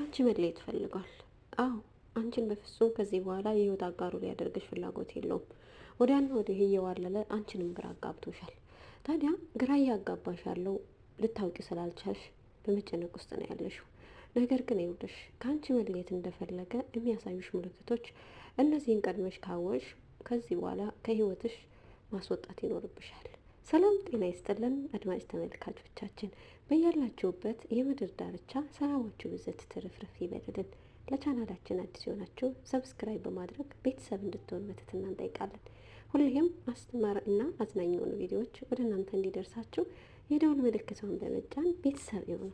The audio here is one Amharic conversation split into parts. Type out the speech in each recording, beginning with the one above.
ከአንቺ መለየት ፈልጓል። አዎ አንቺን በፍጹም ከዚህ በኋላ የህይወት አጋሩ ሊያደርግሽ ፍላጎት የለውም። ወዲያና ወዲህ እየዋለለ አንቺንም ግራ አጋብቶሻል። ታዲያ ግራ እያጋባሽ ያለው ልታውቂ ስላልቻልሽ በመጨነቅ ውስጥ ነው ያለሽው። ነገር ግን ይኸውልሽ ከአንቺ መለየት እንደፈለገ የሚያሳዩሽ ምልክቶች እነዚህን ቀድመሽ ካወሽ ከዚህ በኋላ ከህይወትሽ ማስወጣት ይኖርብሻል። ሰላም ጤና ይስጥልን አድማጭ ተመልካቾቻችን በያላችሁበት የምድር ዳርቻ ሰላማችሁ ብዘት ትርፍርፍ ይበልልን። ለቻናላችን አዲስ የሆናችሁ ሰብስክራይብ በማድረግ ቤተሰብ እንድትሆን በትህትና እንጠይቃለን። ሁሌም አስተማሪ እና አዝናኝ የሆኑ ቪዲዮዎች ወደ እናንተ እንዲደርሳችሁ የደውል ምልክቷን በመጫን ቤተሰብ ይሁኑ።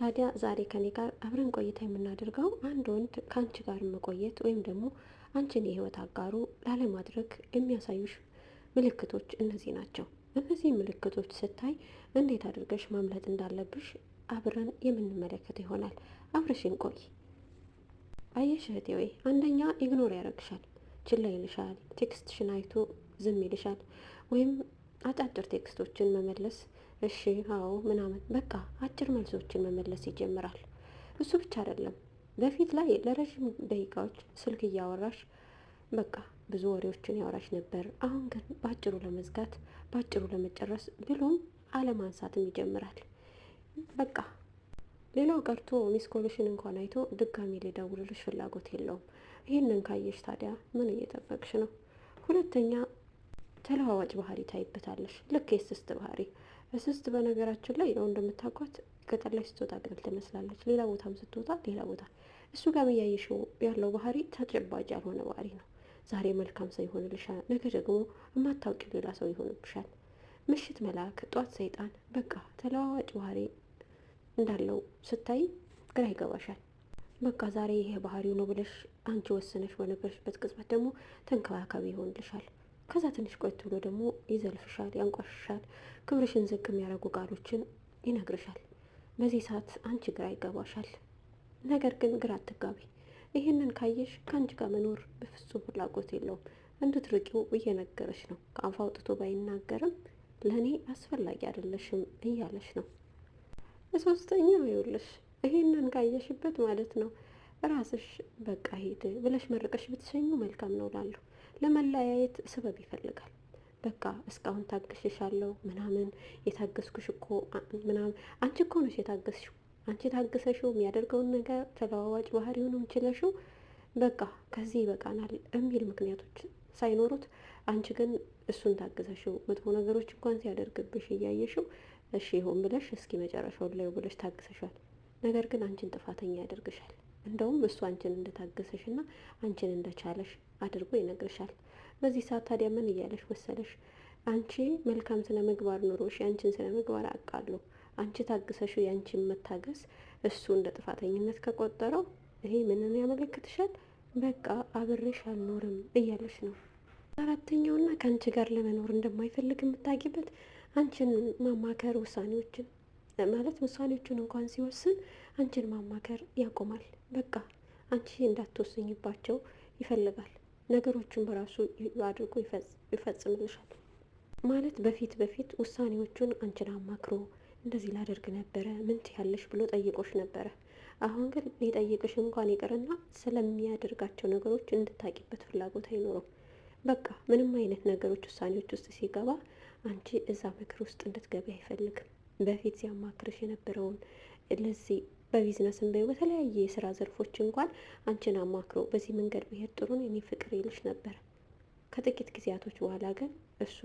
ታዲያ ዛሬ ከኔ ጋር አብረን ቆይታ የምናደርገው አንድ ወንድ ከአንቺ ጋር መቆየት ወይም ደግሞ አንቺን የህይወት አጋሩ ላለማድረግ የሚያሳዩሽ ምልክቶች እነዚህ ናቸው። እነዚህ ምልክቶች ስታይ እንዴት አድርገሽ ማምለጥ እንዳለብሽ አብረን የምንመለከት ይሆናል። አብረሽን ቆይ። አየሽ እህቴ ወይ አንደኛ ኢግኖር ያደርግሻል፣ ችላ ይልሻል፣ ቴክስትሽን አይቶ ዝም ይልሻል። ወይም አጫጭር ቴክስቶችን መመለስ እሺ፣ አዎ፣ ምናምን በቃ አጭር መልሶችን መመለስ ይጀምራል። እሱ ብቻ አይደለም፣ በፊት ላይ ለረዥም ደቂቃዎች ስልክ እያወራሽ በቃ ብዙ ወሬዎችን ያወራች ነበር። አሁን ግን በአጭሩ ለመዝጋት በአጭሩ ለመጨረስ ብሎም አለማንሳትም ይጀምራል። በቃ ሌላው ቀርቶ ሚስ ኮልሽን እንኳን አይቶ ድጋሚ ሊደውልልሽ ፍላጎት የለውም። ይህንን ካየሽ ታዲያ ምን እየጠበቅሽ ነው? ሁለተኛ ተለዋዋጭ ባህሪ ታይበታለሽ። ልክ የስስት ባህሪ። እስስት በነገራችን ላይ ያው እንደምታውቋት ገጠር ላይ ስትወጣ ትመስላለች፣ ሌላ ቦታም ስትወጣ ሌላ ቦታ። እሱ ጋር እያየሽው ያለው ባህሪ ተጨባጭ ያልሆነ ባህሪ ነው። ዛሬ መልካም ሰው ይሆንልሻል፣ ነገ ደግሞ የማታውቂ ሌላ ሰው ይሆንብሻል። ምሽት መልአክ፣ ጠዋት ሰይጣን፣ በቃ ተለዋዋጭ ባህሪ እንዳለው ስታይ ግራ ይገባሻል። በቃ ዛሬ ይሄ ባህሪው ነው ብለሽ አንቺ ወሰነሽ በነበረሽበት ቅጽበት ደግሞ ተንከባካቢ ይሆንልሻል። ከዛ ትንሽ ቆይት ብሎ ደግሞ ይዘልፍሻል፣ ያንቋሽሻል፣ ክብርሽን ዝቅ የሚያደርጉ ቃሎችን ይነግርሻል። በዚህ ሰዓት አንቺ ግራ ይገባሻል። ነገር ግን ግራ አትጋቢ። ይህንን ካየሽ ከአንቺ ጋር መኖር በፍጹም ፍላጎት የለውም። እንድትርቂው እየነገረች ነው። ከአፋ አውጥቶ ባይናገርም ለእኔ አስፈላጊ አይደለሽም እያለች ነው። ሶስተኛው ይኸውልሽ፣ ይህንን ካየሽበት ማለት ነው ራስሽ በቃ ሄድ ብለሽ መርቀሽ ብትሸኙ መልካም ነው ላሉ ለመለያየት ስበብ ይፈልጋል። በቃ እስካሁን ታግሽሻለሁ ምናምን የታገስኩሽ እኮ ምናምን አንቺ እኮ ነሽ የታገስሽ አንቺ ታግሰሽው የሚያደርገውን ነገር ተለዋዋጭ ባህሪውንም ችለሽው በቃ ከዚህ ይበቃናል የሚል ምክንያቶች ሳይኖሩት አንቺ ግን እሱን ታግሰሽው መጥፎ ነገሮች እንኳን ሲያደርግብሽ እያየሽው እሺ ይሁን ብለሽ እስኪ መጨረሻውን ላይ ብለሽ ታግሰሻል። ነገር ግን አንቺን ጥፋተኛ ያደርግሻል። እንደውም እሱ አንቺን እንደታገሰሽ እና አንቺን እንደቻለሽ አድርጎ ይነግርሻል። በዚህ ሰዓት ታዲያ ምን እያለሽ መሰለሽ? አንቺ መልካም ስነ ምግባር ኑሮሽ የአንቺን ስነ ምግባር አንቺ ታግሰሽው የአንቺን መታገስ እሱ እንደ ጥፋተኝነት ከቆጠረው ይሄ ምንን ያመለክትሻል? በቃ አብሬሽ አልኖርም እያለሽ ነው። አራተኛውና ከአንቺ ጋር ለመኖር እንደማይፈልግ የምታውቂበት አንቺን ማማከር ውሳኔዎችን ማለት ውሳኔዎቹን እንኳን ሲወስን አንቺን ማማከር ያቆማል። በቃ አንቺ እንዳትወሰኝባቸው ይፈልጋል። ነገሮቹን በራሱ አድርጎ ይፈጽምልሻል። ማለት በፊት በፊት ውሳኔዎቹን አንቺን አማክሮ እንደዚህ ላደርግ ነበረ ምን ትያለሽ ብሎ ጠይቆሽ ነበረ። አሁን ግን ሊጠይቅሽ እንኳን ይቅርና ስለሚያደርጋቸው ነገሮች እንድታቂበት ፍላጎት አይኖረው። በቃ ምንም አይነት ነገሮች፣ ውሳኔዎች ውስጥ ሲገባ አንቺ እዛ ምክር ውስጥ እንድትገቢ አይፈልግም። በፊት ሲያማክርሽ የነበረውን ለዚህ በቢዝነስም በይ በተለያየ የስራ ዘርፎች እንኳን አንቺን አማክሮ በዚህ መንገድ ብሄድ ጥሩን የኔ ፍቅር ይልሽ ነበር። ከጥቂት ጊዜያቶች በኋላ ግን እሱ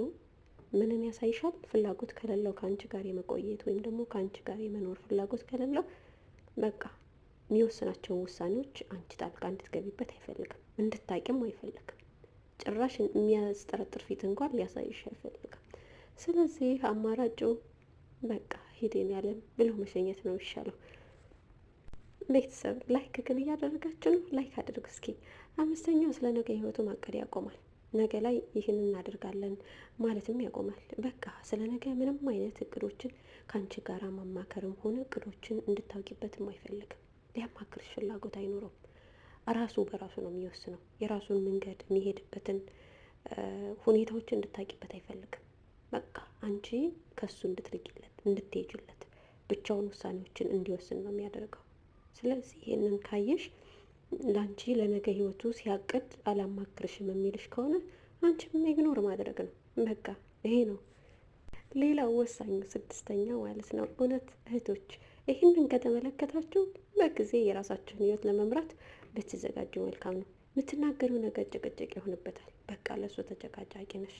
ምንን ያሳይሻል? ፍላጎት ከሌለው ከአንቺ ጋር የመቆየት ወይም ደግሞ ከአንቺ ጋር የመኖር ፍላጎት ከሌለው በቃ የሚወስናቸውን ውሳኔዎች አንቺ ጣልቃ እንድትገቢበት አይፈልግም፣ እንድታቂም አይፈልግም። ጭራሽ የሚያስጠረጥር ፊት እንኳን ሊያሳይሽ አይፈልግም። ስለዚህ አማራጩ በቃ ሂዴን ያለን ብሎ መሸኘት ነው ይሻለው። ቤተሰብ ላይክ ግን እያደረጋችሁ ነው። ላይክ አድርግ እስኪ። አምስተኛው ስለ ነገ ህይወቱ ማቀድ ያቆማል። ነገ ላይ ይህን እናደርጋለን ማለትም ያቆማል። በቃ ስለ ነገ ምንም አይነት እቅዶችን ከአንቺ ጋር ማማከርም ሆነ እቅዶችን እንድታውቂበትም አይፈልግም። ሊያማክርሽ ፍላጎት አይኖረውም። ራሱ በራሱ ነው የሚወስነው። የራሱን መንገድ የሚሄድበትን ሁኔታዎችን እንድታቂበት አይፈልግም። በቃ አንቺ ከሱ እንድትርቂለት እንድትሄጅለት ብቻውን ውሳኔዎችን እንዲወስን ነው የሚያደርገው። ስለዚህ ይህንን ካየሽ ለአንቺ ለነገ ህይወቱ ሲያቅድ አላማክርሽም የሚልሽ ከሆነ አንቺም ኢግኖር ማድረግ ነው። በቃ ይሄ ነው። ሌላው ወሳኙ ስድስተኛ ማለት ነው እውነት እህቶች ይህንን ከተመለከታችሁ በጊዜ የራሳችሁን ህይወት ለመምራት ብትዘጋጁ መልካም ነው። የምትናገሪው ነገር ጭቅጭቅ ይሆንበታል። በቃ ለእሱ ተጨቃጫቂ ነሽ።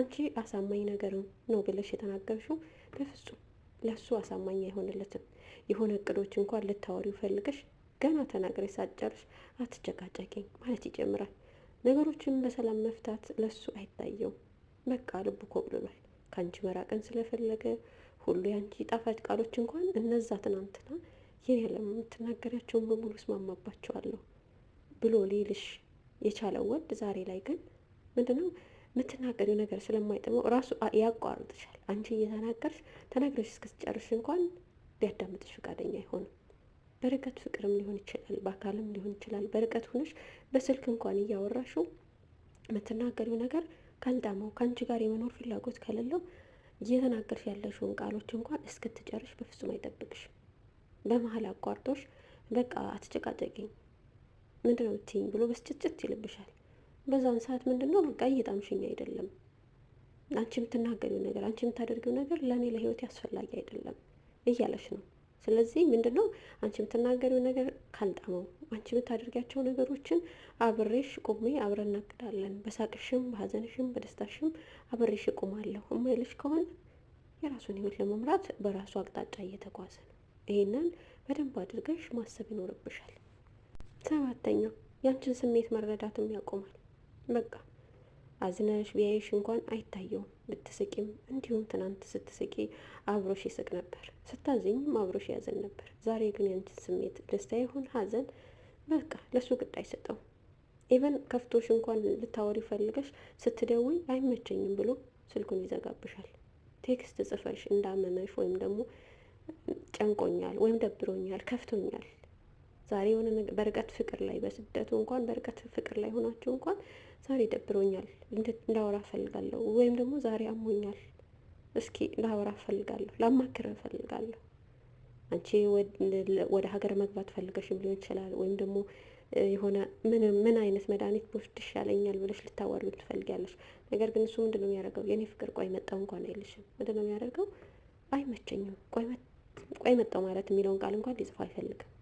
አንቺ አሳማኝ ነገር ነው ብለሽ የተናገርሽው በፍጹም ለእሱ አሳማኝ አይሆንለትም። የሆነ እቅዶች እንኳን ልታወሪው ፈልገሽ ገና ተናግሬ ሳጨርሽ አትጨቃጨቂኝ ማለት ይጀምራል። ነገሮችን በሰላም መፍታት ለሱ አይታየውም። በቃ ልቡ ኮብልሏል። ከአንቺ መራቅን ስለፈለገ ሁሉ የአንቺ ጣፋጭ ቃሎች እንኳን እነዛ ትናንትና ይህን የምትናገሪያቸውን በሙሉ እስማማባቸዋለሁ ብሎ ሌልሽ የቻለው ወንድ ዛሬ ላይ ግን ምንድነው የምትናገሪው ነገር ስለማይጥመው ራሱ ያቋርጥሻል። አንቺ እየተናገርሽ ተናግረሽ እስክትጨርሽ እንኳን ሊያዳምጥሽ ፈቃደኛ አይሆንም። በርቀት ፍቅርም ሊሆን ይችላል፣ በአካልም ሊሆን ይችላል። በርቀት ሆነሽ በስልክ እንኳን እያወራሹ የምትናገሪው ነገር ካልጣመው ከአንቺ ጋር የመኖር ፍላጎት ከሌለው እየተናገርሽ ያለሽውን ቃሎች እንኳን እስክትጨርሽ በፍጹም አይጠብቅሽ። በመሀል አቋርጦሽ በቃ አትጨቃጨቂኝ ምንድን ነው ብትይኝ ብሎ በስጭጭት ይልብሻል። በዛን ሰዓት ምንድን ነው በቃ እየጣምሽኝ አይደለም። አንቺ የምትናገሪው ነገር፣ አንቺ የምታደርጊው ነገር ለእኔ ለህይወት አስፈላጊ አይደለም እያለሽ ነው ስለዚህ ምንድን ነው አንቺ የምትናገሪው ነገር ካልጣመው፣ አንቺ የምታደርጋቸው ነገሮችን አብሬሽ ቁሜ አብረን እናቅዳለን። በሳቅሽም፣ በሀዘንሽም፣ በደስታሽም አብሬሽ እቁማለሁ እማይልሽ ከሆነ የራሱን ህይወት ለመምራት በራሱ አቅጣጫ እየተጓዘ ነው። ይሄንን በደንብ አድርገሽ ማሰብ ይኖርብሻል። ሰባተኛው የአንችን ስሜት መረዳትም ያቆማል። በቃ አዝነሽ ቢያይሽ እንኳን አይታየውም። ብትስቂም እንዲሁም ትናንት ስትስቂ አብሮሽ ይስቅ ነበር፣ ስታዝኝም አብሮሽ ያዘን ነበር። ዛሬ ግን ያንችን ስሜት ደስታ ይሁን ሀዘን በቃ ለሱ ግድ አይሰጠው። ኢቨን ከፍቶሽ እንኳን ልታወሪ ፈልገሽ ስትደውይ አይመቸኝም ብሎ ስልኩን ይዘጋብሻል። ቴክስት ጽፈሽ እንዳመመሽ ወይም ደግሞ ጨንቆኛል ወይም ደብሮኛል ከፍቶኛል ዛሬ የሆነ በርቀት ፍቅር ላይ በስደቱ እንኳን በርቀት ፍቅር ላይ ሆናችሁ እንኳን ዛሬ ደብሮኛል እንዳወራ ፈልጋለሁ፣ ወይም ደግሞ ዛሬ አሞኛል እስኪ ላወራ ፈልጋለሁ፣ ላማክር ፈልጋለሁ። አንቺ ወደ ሀገር መግባት ፈልገሽም ሊሆን ይችላል። ወይም ደግሞ የሆነ ምን አይነት መድኃኒት ብወስድ ይሻለኛል ብለሽ ልታዋሪ ትፈልጊያለሽ። ነገር ግን እሱ ምንድን ነው የሚያደርገው? የኔ ፍቅር ቆይ መጣው እንኳን አይልሽም። ምንድን ነው የሚያደርገው? አይመቸኝም፣ ቆይ መጣው ማለት የሚለውን ቃል እንኳን ሊጽፋ አይፈልግም።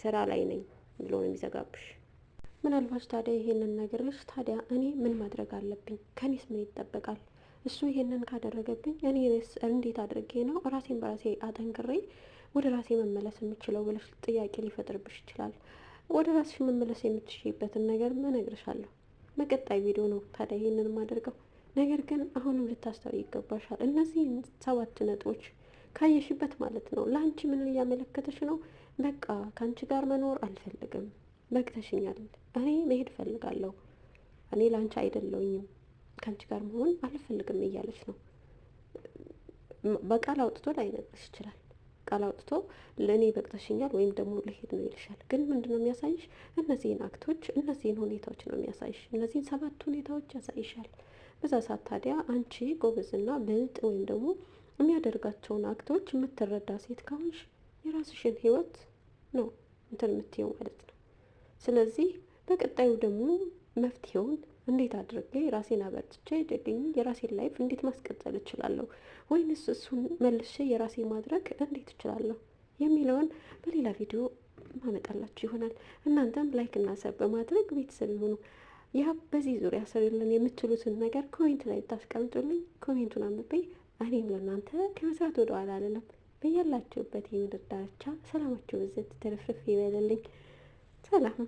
ስራ ላይ ነኝ ብሎ ነው የሚዘጋብሽ። ምናልባች ታዲያ ይሄንን ነገርሽ ታዲያ እኔ ምን ማድረግ አለብኝ? ከኔስ ምን ይጠበቃል? እሱ ይሄንን ካደረገብኝ እኔ እንዴት አድርጌ ነው ራሴን በራሴ አጠንክሬ ወደ ራሴ መመለስ የምችለው ብለሽ ጥያቄ ሊፈጥርብሽ ይችላል። ወደ ራስሽ መመለስ የምትችይበትን ነገር እነግርሻለሁ። በቀጣይ ቪዲዮ ነው ታዲያ ይህንን ማደርገው። ነገር ግን አሁንም ልታስተው ይገባሻል እነዚህ ሰባት ነጥቦች ካየሽበት ማለት ነው። ለአንቺ ምን እያመለከተሽ ነው? በቃ ከአንቺ ጋር መኖር አልፈልግም፣ በቅተሽኛል፣ እኔ መሄድ ፈልጋለሁ እኔ ለአንቺ አይደለውኝም፣ ከአንቺ ጋር መሆን አልፈልግም እያለች ነው። በቃል አውጥቶ ላይነግርሽ ይችላል። ቃል አውጥቶ ለእኔ በቅተሽኛል ወይም ደግሞ ልሄድ ነው ይልሻል። ግን ምንድን ነው የሚያሳይሽ? እነዚህን አክቶች፣ እነዚህን ሁኔታዎች ነው የሚያሳይሽ። እነዚህን ሰባት ሁኔታዎች ያሳይሻል። በዛ ሰዓት ታዲያ አንቺ ጎበዝና ብልጥ ወይም ደግሞ የሚያደርጋቸውን አክቶች የምትረዳ ሴት ከሆንሽ የራስሽን ህይወት ነው እንትን የምትየው ማለት ነው። ስለዚህ በቀጣዩ ደግሞ መፍትሄውን እንዴት አድርጌ ራሴን አበርትቼ ደግኝ የራሴን ላይፍ እንዴት ማስቀጠል እችላለሁ፣ ወይንስ እሱን መልሼ የራሴ ማድረግ እንዴት እችላለሁ የሚለውን በሌላ ቪዲዮ ማመጣላችሁ ይሆናል። እናንተም ላይክ እና ሰብ በማድረግ ቤተሰብ ይሁኑ። ያ በዚህ ዙሪያ ሰው የምትሉትን ነገር ኮሜንት ላይ ብታስቀምጡልኝ ኮሜንቱን አንብቤ እኔም ለእናንተ ከመስራት ወደ ኋላ አልልም። በያላችሁበት የምድር ዳርቻ ሰላማችሁ ብዝት ትርፍርፍ ይበልልኝ። ሰላም